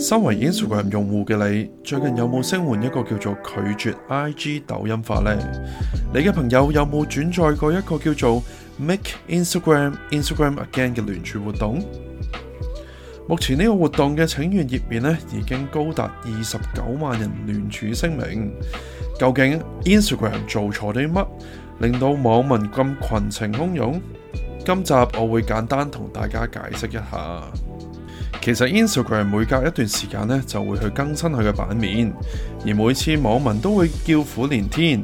身為 Instagram 用戶嘅你，最近有冇聲援一個叫做拒絕 IG 抖音化呢？你嘅朋友有冇轉載過一個叫做 Make Instagram Instagram Again 嘅聯署活動？目前呢個活動嘅請願頁面呢，已經高達二十九萬人聯署聲明。究竟 Instagram 做錯啲乜，令到網民咁群情洶湧？今集我會簡單同大家解釋一下。其實 Instagram 每隔一段時間咧就會去更新佢嘅版面，而每次網民都會叫苦連天，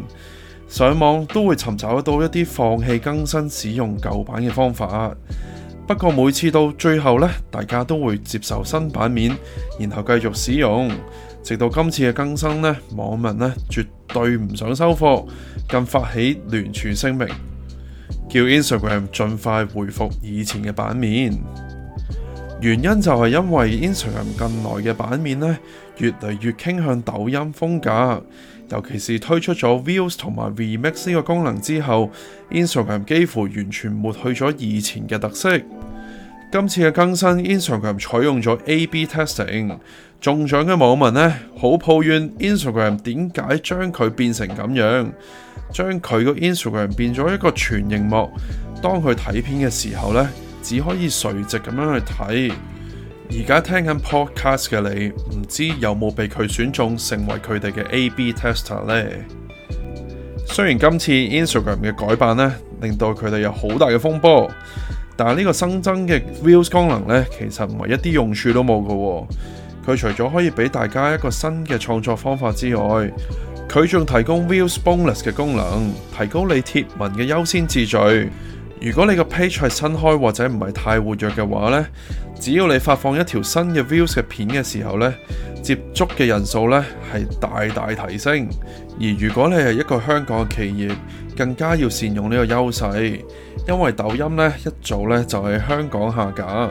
上網都會尋找到一啲放棄更新、使用舊版嘅方法。不過每次到最後咧，大家都會接受新版面，然後繼續使用，直到今次嘅更新咧，網民咧絕對唔想收貨，更發起聯署聲明，叫 Instagram 盡快回復以前嘅版面。原因就係因為 Instagram 近來嘅版面呢，越嚟越傾向抖音風格，尤其是推出咗 Views 同埋 Remix 呢個功能之後，Instagram 幾乎完全抹去咗以前嘅特色。今次嘅更新，Instagram 採用咗 A/B testing，中獎嘅網民呢，好抱怨 Instagram 點解將佢變成咁樣，將佢個 Instagram 變咗一個全熒幕，當佢睇片嘅時候呢，只可以垂直咁樣去睇。而家聽緊 podcast 嘅你，唔知有冇被佢選中成為佢哋嘅 A/B tester 呢？雖然今次 Instagram 嘅改版呢，令到佢哋有好大嘅風波，但係呢個新增嘅 Views 功能呢，其實唔係一啲用處都冇嘅。佢除咗可以俾大家一個新嘅創作方法之外，佢仲提供 Views Bonus 嘅功能，提高你貼文嘅優先次序。如果你個 page 係新開或者唔係太活躍嘅話呢，只要你發放一條新嘅 views 嘅片嘅時候呢，接觸嘅人數呢係大大提升。而如果你係一個香港嘅企業，更加要善用呢個優勢，因為抖音呢一早呢就喺香港下架。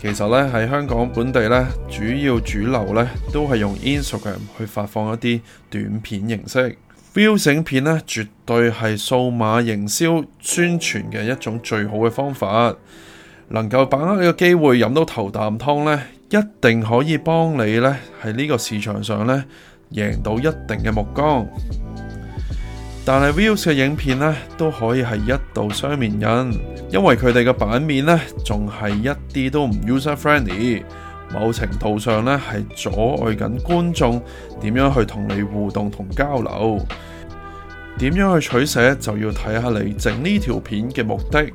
其實呢，喺香港本地呢，主要主流呢都係用 Instagram 去發放一啲短片形式。Views 影片咧，絕對係數碼營銷宣傳嘅一種最好嘅方法，能夠把握呢個機會飲到頭啖湯咧，一定可以幫你咧喺呢個市場上咧贏到一定嘅目光。但係 Views 嘅影片咧都可以係一道雙面人，因為佢哋嘅版面咧仲係一啲都唔 user friendly。某程度上咧，係阻礙緊觀眾點樣去同你互動同交流，點樣去取捨就要睇下你整呢條片嘅目的。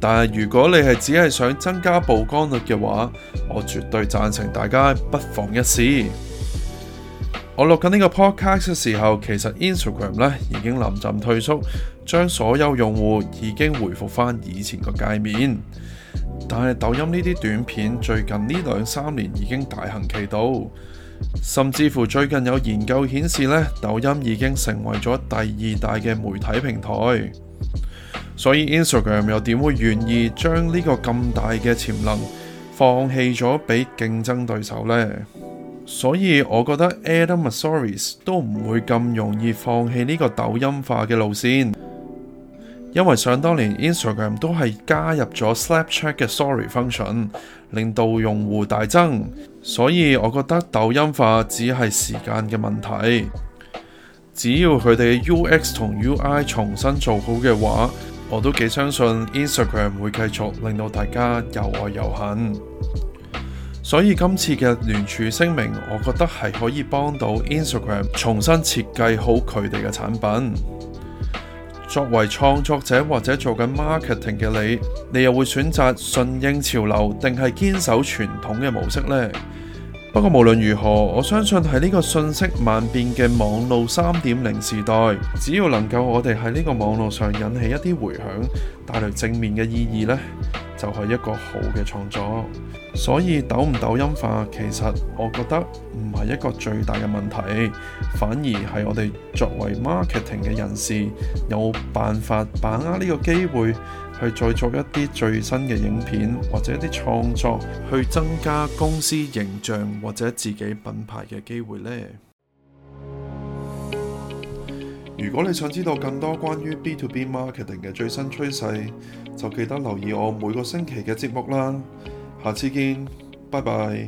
但係如果你係只係想增加曝光率嘅話，我絕對贊成大家不妨一試。我錄緊呢個 podcast 嘅時候，其實 Instagram 咧已經臨陣退縮，將所有用戶已經回復翻以前個界面。但係抖音呢啲短片最近呢兩三年已經大行其道，甚至乎最近有研究顯示咧，抖音已經成為咗第二大嘅媒體平台。所以 Instagram 又點會願意將呢個咁大嘅潛能放棄咗俾競爭對手呢？所以我覺得 Adam Mosseri 都唔會咁容易放棄呢個抖音化嘅路線。因為想當年 Instagram 都係加入咗 Snapchat 嘅 Sorry Function，令到用戶大增，所以我覺得抖音化只係時間嘅問題。只要佢哋嘅 UX 同 UI 重新做好嘅話，我都幾相信 Instagram 會繼續令到大家又愛又恨。所以今次嘅聯署聲明，我覺得係可以幫到 Instagram 重新設計好佢哋嘅產品。作為創作者或者做緊 marketing 嘅你，你又會選擇順應潮流定係堅守傳統嘅模式呢？不過無論如何，我相信喺呢個信息萬變嘅網路三點零時代，只要能夠我哋喺呢個網絡上引起一啲回響，帶來正面嘅意義呢。就係一個好嘅創作，所以抖唔抖音化其實我覺得唔係一個最大嘅問題，反而係我哋作為 marketing 嘅人士有辦法把握呢個機會，去再作一啲最新嘅影片或者啲創作，去增加公司形象或者自己品牌嘅機會呢。如果你想知道更多關於 B to B marketing 嘅最新趨勢，就記得留意我每個星期嘅節目啦。下次見，拜拜。